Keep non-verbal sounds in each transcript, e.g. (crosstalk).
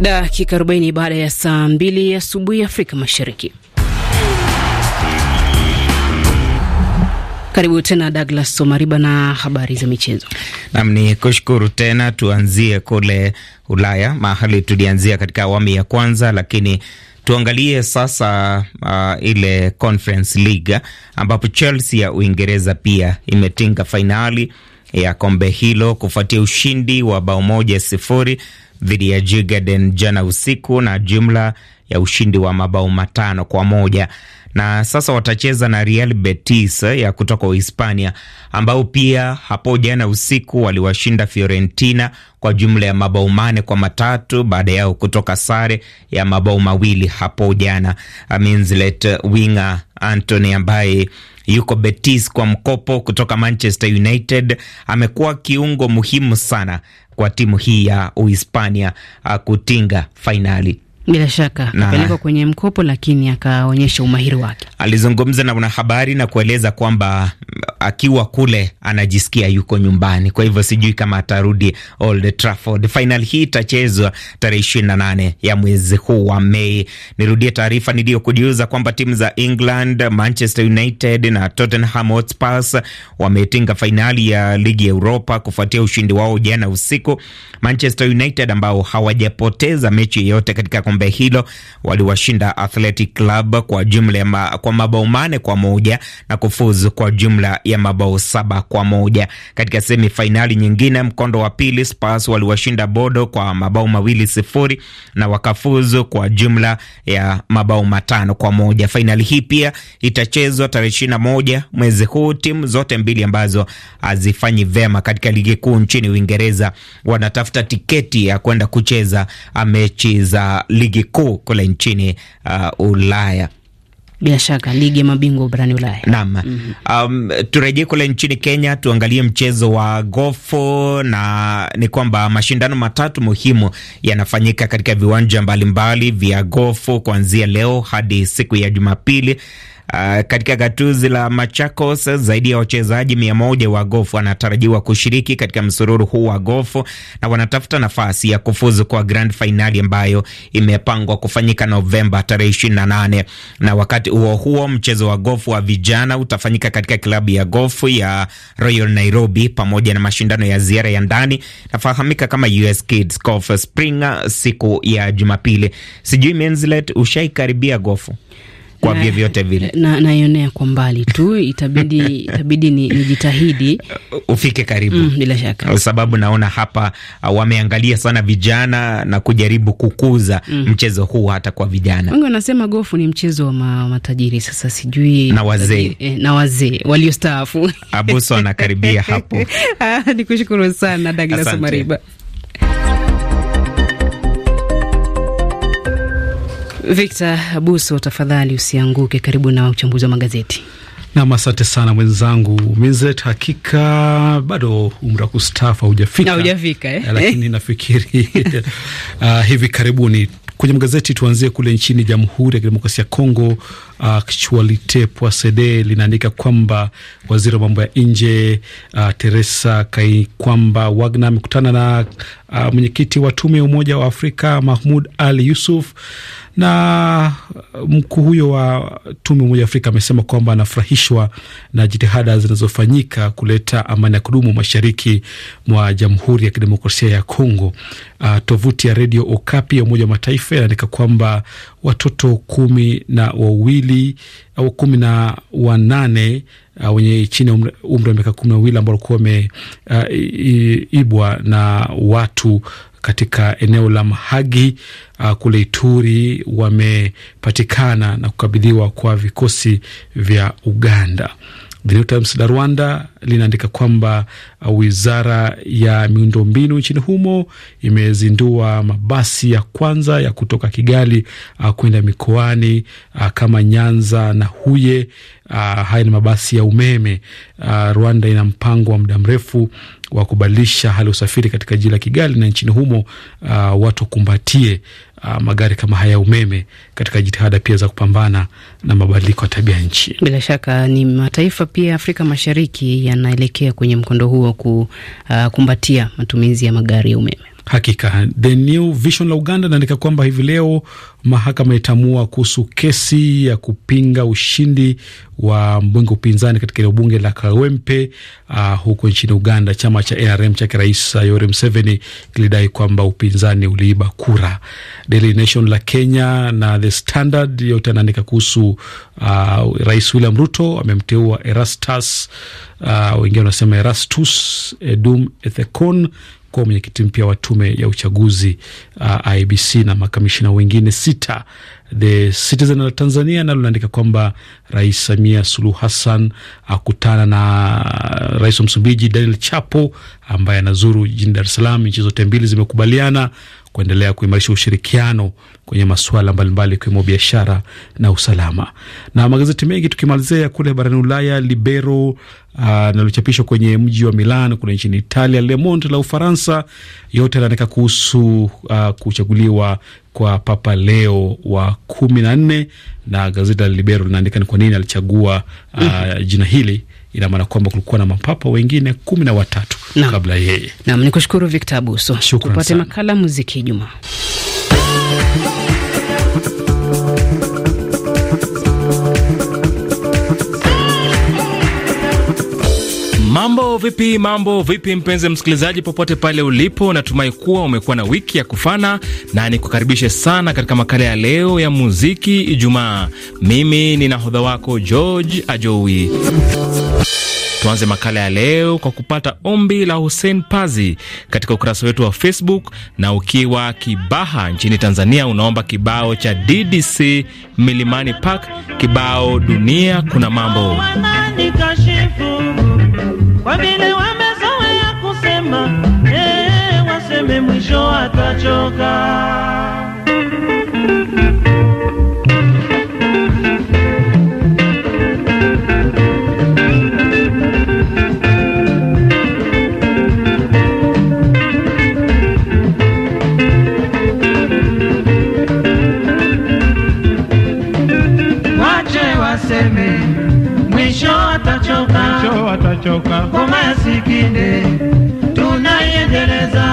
Dakika 40 baada ya saa 2 asubuhi Afrika Mashariki. Karibu tena Douglas Somariba na habari za michezo. Nam ni kushukuru tena. Tuanzie kule Ulaya, mahali tulianzia katika awamu ya kwanza, lakini tuangalie sasa uh, ile Conference League ambapo Chelsea ya Uingereza pia imetinga fainali ya kombe hilo kufuatia ushindi wa bao moja sifuri dhidi ya Jigaden jana usiku na jumla ya ushindi wa mabao matano kwa moja na sasa watacheza na Real Betis ya kutoka Uhispania ambao pia hapo jana usiku waliwashinda Fiorentina kwa jumla ya mabao mane kwa matatu baada yao kutoka sare ya mabao mawili hapo jana. Minslet winga Antony ambaye yuko Betis kwa mkopo kutoka Manchester United amekuwa kiungo muhimu sana kwa timu hii ya Uhispania uh, kutinga fainali. Bila shaka akapelekwa kwenye mkopo, lakini akaonyesha umahiri wake. Alizungumza na wanahabari na kueleza kwamba akiwa kule anajisikia yuko nyumbani, kwa hivyo sijui kama atarudi Old Trafford. Fainali hii itachezwa tarehe ishirini na nane ya mwezi huu wa Mei. Nirudie taarifa niliyokujuza kwamba timu za England, Manchester United na Tottenham Hotspur wametinga fainali ya ligi ya Europa kufuatia ushindi wao jana usiku. Manchester United ambao hawajapoteza mechi yeyote katika kombe hilo waliwashinda Athletic Club kwa jumla ma, kwa mabao mane kwa moja na kufuzu kwa jumla ya mabao saba kwa moja. Katika semifainali nyingine mkondo wa pili, Spurs waliwashinda Bodo kwa mabao mawili sifuri na wakafuzu kwa jumla ya mabao matano kwa moja. Fainali hii pia itachezwa tarehe ishirini na moja mwezi huu. Timu zote mbili ambazo hazifanyi vema katika ligi kuu nchini Uingereza wanatafuta tiketi ya kwenda kucheza mechi za ligi ligi kuu kule nchini uh, Ulaya. Bila shaka ligi ya mabingwa barani Ulaya. Naam. mm -hmm. Um, turejee kule nchini Kenya tuangalie mchezo wa gofu, na ni kwamba mashindano matatu muhimu yanafanyika katika viwanja mbalimbali vya gofu kuanzia leo hadi siku ya Jumapili, Uh, katika gatuzi la Machakos zaidi ya wachezaji mia moja wa gofu wanatarajiwa kushiriki katika msururu huu wa gofu na wanatafuta nafasi ya kufuzu kwa grand finali ambayo imepangwa kufanyika Novemba tarehe 28. Na wakati huo huo, mchezo wa gofu wa vijana utafanyika katika klabu ya gofu ya Royal Nairobi pamoja na mashindano ya ziara ya ndani nafahamika kama US Kids Golf siku ya Jumapili. Sijui Menzlet, ushaikaribia gofu? kwa vyovyote vile, na naionea kwa mbali tu, itabidi (laughs) itabidi nijitahidi ufike karibu. Mm, bila shaka, kwa sababu naona hapa uh, wameangalia sana vijana na kujaribu kukuza mm, mchezo huu hata kwa vijana. Wengi wanasema gofu ni mchezo wa ma, matajiri. Sasa sijui na wazee eh, na wazee waliostaafu. Abuso anakaribia hapo. (laughs) Ah, nikushukuru sana Douglas Mariba. Victor Abuso, tafadhali usianguke. Karibu na uchambuzi wa magazeti. Nam, asante sana mwenzangu Minzet. Hakika bado umri wa kustaafu haujafika, haujafika eh? eh? Lakini (laughs) nafikiri uh, (laughs) hivi karibuni kwenye magazeti tuanzie kule nchini Jamhuri ya Kidemokrasia ya Kongo. Uh, ah, Actualite Poisede linaandika kwamba waziri wa mambo ya nje uh, Teresa Kai kwamba Wagner amekutana na uh, mwenyekiti wa tume ya Umoja wa Afrika Mahmud Ali Yusuf na uh, mkuu huyo wa tume Umoja wa Afrika amesema kwamba anafurahishwa na jitihada zinazofanyika kuleta amani ya kudumu mashariki mwa Jamhuri ya Kidemokrasia ya Kongo. Uh, tovuti ya redio Okapi ya Umoja wa Mataifa inaandika kwamba watoto kumi na wawili au kumi na wanane uh, wenye chini ya umri wa miaka kumi na wawili ambao walikuwa wameibwa uh, na watu katika eneo la Mahagi uh, kule Ituri wamepatikana na kukabidhiwa kwa vikosi vya Uganda. The New Times la Rwanda linaandika kwamba uh, wizara ya miundombinu nchini humo imezindua mabasi ya kwanza ya kutoka Kigali uh, kwenda mikoani uh, kama Nyanza na Huye. haya ni mabasi ya umeme. Rwanda ina mpango wa muda mrefu wa kubadilisha hali ya usafiri katika jiji la Kigali na nchini humo, watu wakumbatie uh, magari kama haya umeme katika jitihada pia za kupambana na mabadiliko ya tabia nchi. Bila shaka ni mataifa pia Afrika Mashariki yanaelekea kwenye mkondo huo wa kukumbatia ah, matumizi ya magari ya umeme. Hakika The New Vision la Uganda naandika kwamba hivi leo mahakama itamua kuhusu kesi ya kupinga ushindi wa mbunge upinzani katika eneo bunge la Kawempe uh, huko nchini Uganda. Chama cha ARM chake Rais uh, Yoweri Museveni kilidai kwamba upinzani uliiba kura. Daily Nation la Kenya na The Standard yote anaandika kuhusu uh, Rais William Ruto amemteua Erastus, uh, wengine wanasema Erastus Edum Ethekon kuwa mwenyekiti mpya wa tume ya uchaguzi uh, IBC na makamishina wengine sita. The Citizen la Tanzania nalo linaandika kwamba Rais Samia Suluhu Hassan akutana na rais wa Msumbiji Daniel Chapo ambaye anazuru jijini Dar es Salaam. Nchi zote mbili zimekubaliana kuendelea kuimarisha ushirikiano kwenye masuala mbalimbali ikiwemo biashara na usalama. Na magazeti mengi tukimalizia kule barani Ulaya, Libero uh, linalochapishwa uh, kwenye mji wa Milan kule nchini Italia, Le Monde la Ufaransa, yote yanaandika kuhusu uh, kuchaguliwa kwa Papa Leo wa kumi na nne na gazeti la Libero linaandika ni kwa nini alichagua uh, jina hili ina maana kwamba kulikuwa na mapapa wengine kumi na watatu na kabla yeye. Nam ni kushukuru Victor Abuso. Tupate makala muziki jumaa Mambo vipi, mambo vipi, mpenzi msikilizaji, popote pale ulipo, natumai kuwa umekuwa na wiki ya kufana, na nikukaribishe sana katika makala ya leo ya muziki Ijumaa. Mimi ni nahodha wako George Ajowi. Tuanze makala ya leo kwa kupata ombi la Hussein Pazi katika ukurasa wetu wa Facebook, na ukiwa Kibaha nchini Tanzania, unaomba kibao cha DDC Milimani Park, kibao dunia kuna mambo kwa vile wamezoea kusema, eh, waseme mwisho atachoka. kipindi tunaiendeleza.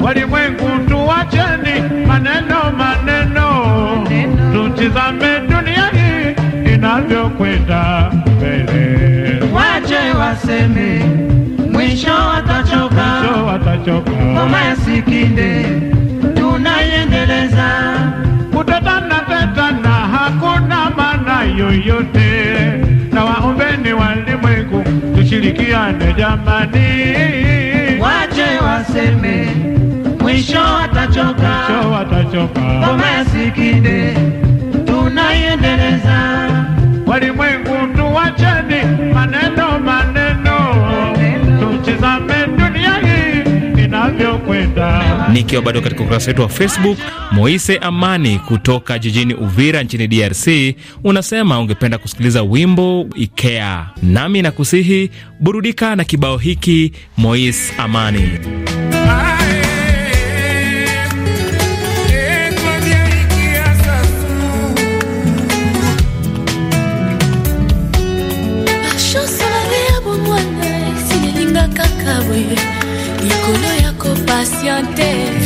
Walimwengu, tuwacheni maneno maneno, tutizame dunia hii inavyokwenda mbele. Wache waseme, mwisho watachoka, mwisho watachoka. Ngoma ya Sikinde tunaiendeleza, kutetana tetana, hakuna maana yoyote tushirikiane jamani, wache waseme, mwisho watachoka, mwisho watachoka. Ngoma ya Sikinde tunaiendeleza, walimwengu tuwache Nikiwa bado katika ukurasa wetu wa Facebook, Moise Amani kutoka jijini Uvira nchini DRC unasema ungependa kusikiliza wimbo Ikea, nami nakusihi burudika na kibao hiki Moise Amani. patienté.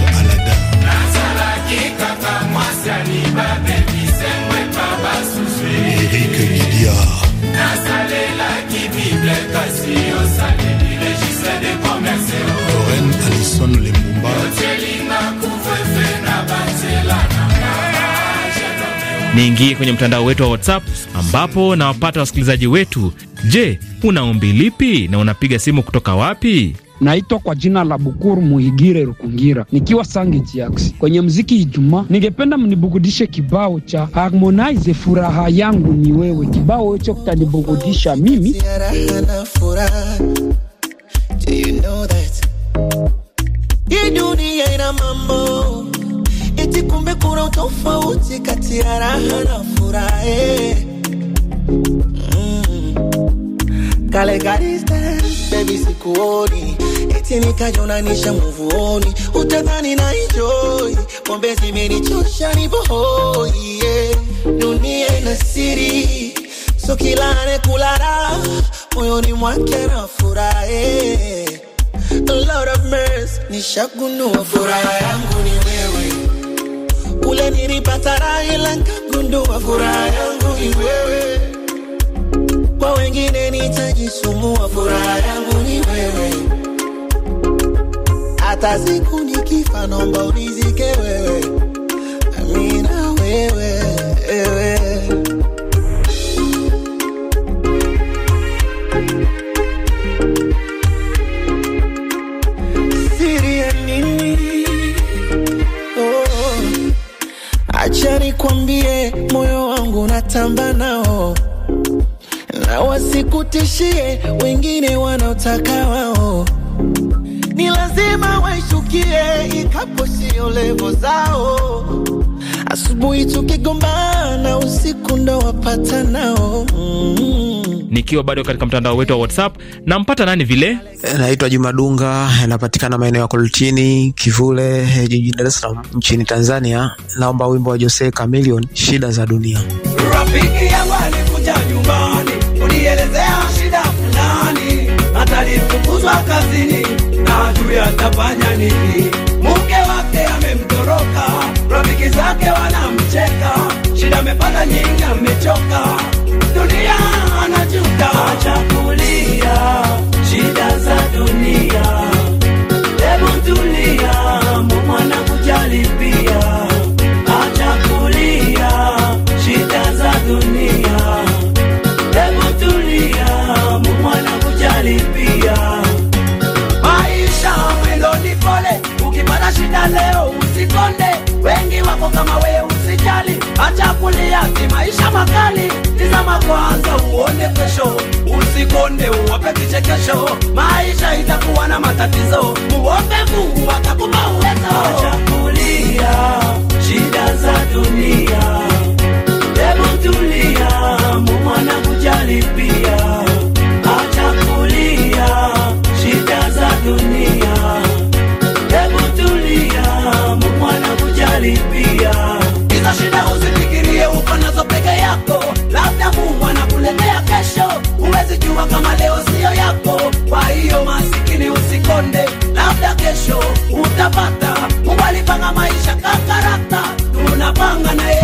niingie kwenye mtandao wetu wa WhatsApp ambapo nawapata wasikilizaji wetu. Je, una ombi lipi na unapiga simu kutoka wapi? Naitwa kwa jina la Bukuru Muhigire Rukungira, nikiwa Sange Jiaksi kwenye mziki Ijumaa. Ningependa mnibugudishe kibao cha Harmonize, furaha yangu ni wewe. Kibao hicho kitanibugudisha mimi tofauti kati ya raha na furaha eh. mm. kale baby sikuoni eti nikajonanisha muvuoni utadhani na enjoy pombe zimenichosha nivohoi yeah. dunia ina siri so kila anekulara moyoni mwake na furaha eh. A of mercy nishagunua furaha yangu ni wewe nilipata raha ila nikagundua furaha yangu ni wewe. Kwa wengine nitajisumbua, furaha yangu ni wewe. Hata siku nikifa, naomba unizike wewe, Amina wewe, wewe. nikwambie, moyo wangu natamba nao, na wasikutishie wengine wanaotaka wao, ni lazima waishukie ikapo sio levo zao asubuhi tukigombana, usiku ndo wapata nao Nikiwa bado katika mtandao wetu wa WhatsApp, nampata nani vile, naitwa Juma Dunga, napatikana maeneo ya Koltini Kivule, jijini Dar es Salaam nchini Tanzania. Naomba wimbo wa Jose Chameleone, shida za dunia. Rafiki yangu alikuja nyumbani, unielezea shida fulani, atalifukuzwa kazini, na juu yatafanya nini amechoka, rafiki zake wanamcheka, shida amepata nyingi, amechoka kama wewe usijali, acha kulia, si maisha makali. Tizama kwanza uone kesho, usikonde uwape kichekesho. Maisha itakuwa na matatizo, muombe Mungu atakupa uwezo. Acha kulia shida za dunia, hebu tulia, Mungu anakujali pia. Acha kulia shida za dunia, hebu tulia, Mungu anakujali pia hizo shida usifikirie uko nazo peke yako, labda Mungu anakuletea kesho, huwezi jua kama leo siyo yako. Kwa hiyo masikini, usikonde, labda kesho utapata. Mungu alipanga maisha kakarata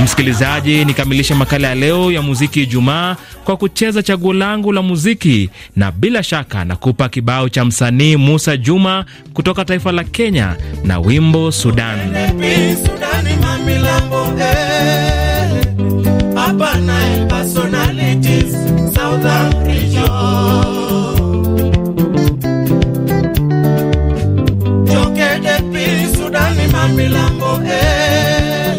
Msikilizaji, nikamilishe makala ya leo ya muziki Ijumaa kwa kucheza chaguo langu la muziki, na bila shaka nakupa kibao cha msanii Musa Juma kutoka taifa la Kenya na wimbo Sudan. Milambo, eh. Upper Nile personalities, Southern region. Jokede P, Sudan, Milambo, eh.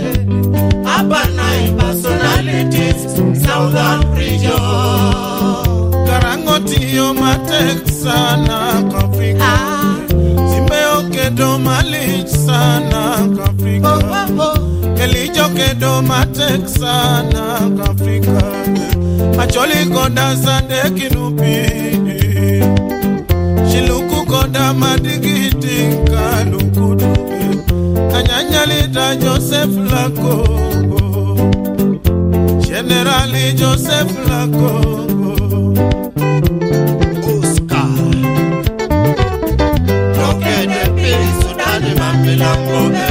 Upper Nile personalities, Southern region. Karangotio matek sana kafika. Ah. Zimeokedo malich sana kafika. Oh, oh, oh. elijokedoma teksana kafrika acholikodasandeki shilukukoda madigitinka lukutupe kanyanyalita josef lako generali josef lako Oscar. Look at the peace, Sudan, Mamma, Lambo,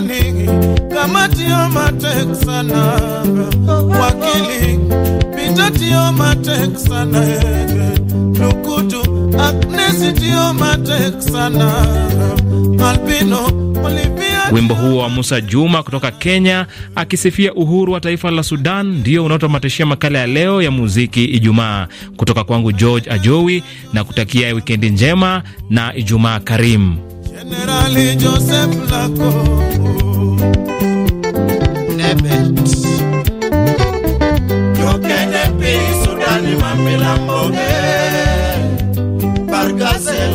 Madiwani, kamati ya matek sana, wakili Pitati ya matek sana, Lukutu Agnes ya matek sana, Albino Wimbo huo wa Musa Juma kutoka Kenya akisifia uhuru wa taifa la Sudan ndio unaotamatishia makala ya leo ya muziki Ijumaa kutoka kwangu George Ajowi na kutakia wikendi njema na Ijumaa karimu. General Joseph Lako. Nebet. Yokene pe Sudani Mamilamboge. Bargasel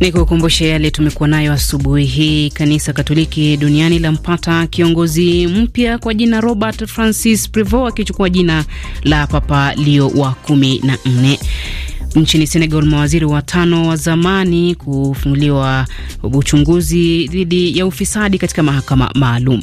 Ni kukumbushe yale tumekuwa nayo asubuhi hii. Kanisa Katoliki duniani lampata kiongozi mpya kwa jina Robert Francis Prevo akichukua jina la Papa Leo wa kumi na nne. Nchini Senegal, mawaziri watano wa zamani kufunguliwa uchunguzi dhidi ya ufisadi katika mahakama maalum.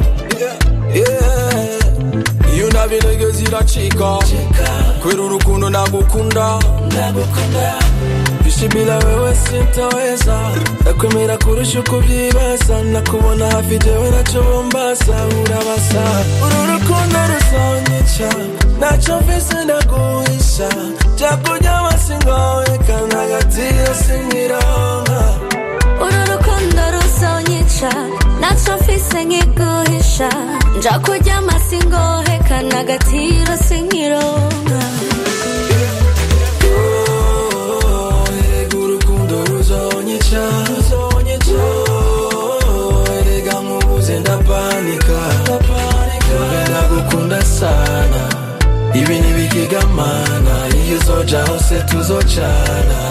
yeah yuna binegezi iracika kwera urukundo nagukunda ishi bila wewe sintaweza nakwemera kurusha uko ubyibasa nakubona hafi jewe nacyo bumbasa urabasa uru rukundo ruzonyica ntacyo mfise ndaguhisha byakuryama singoweka ntagatiyo singironka uru rukundo ruzonyica sengigohe sha nja kuryama singohekana agatiro sinkironka erega urukundo ruzonyica iyo uzoja hose tuzocana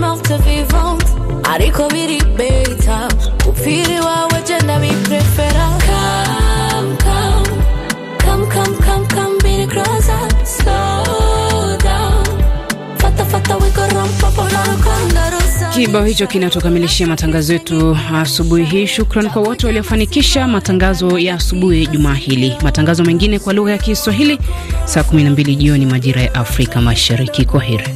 morte vivante ariko biri beta upfira iwawe je ndabiprefera come, come, come, come, come, come, biri closer slow down fata fata wiko rompa pona rukondo Kibao hicho kinatokamilishia matangazo yetu asubuhi hii. Shukran kwa wote waliofanikisha matangazo ya asubuhi jumaa hili. Matangazo mengine kwa lugha ya Kiswahili saa 12 jioni majira ya Afrika Mashariki. Kwa heri.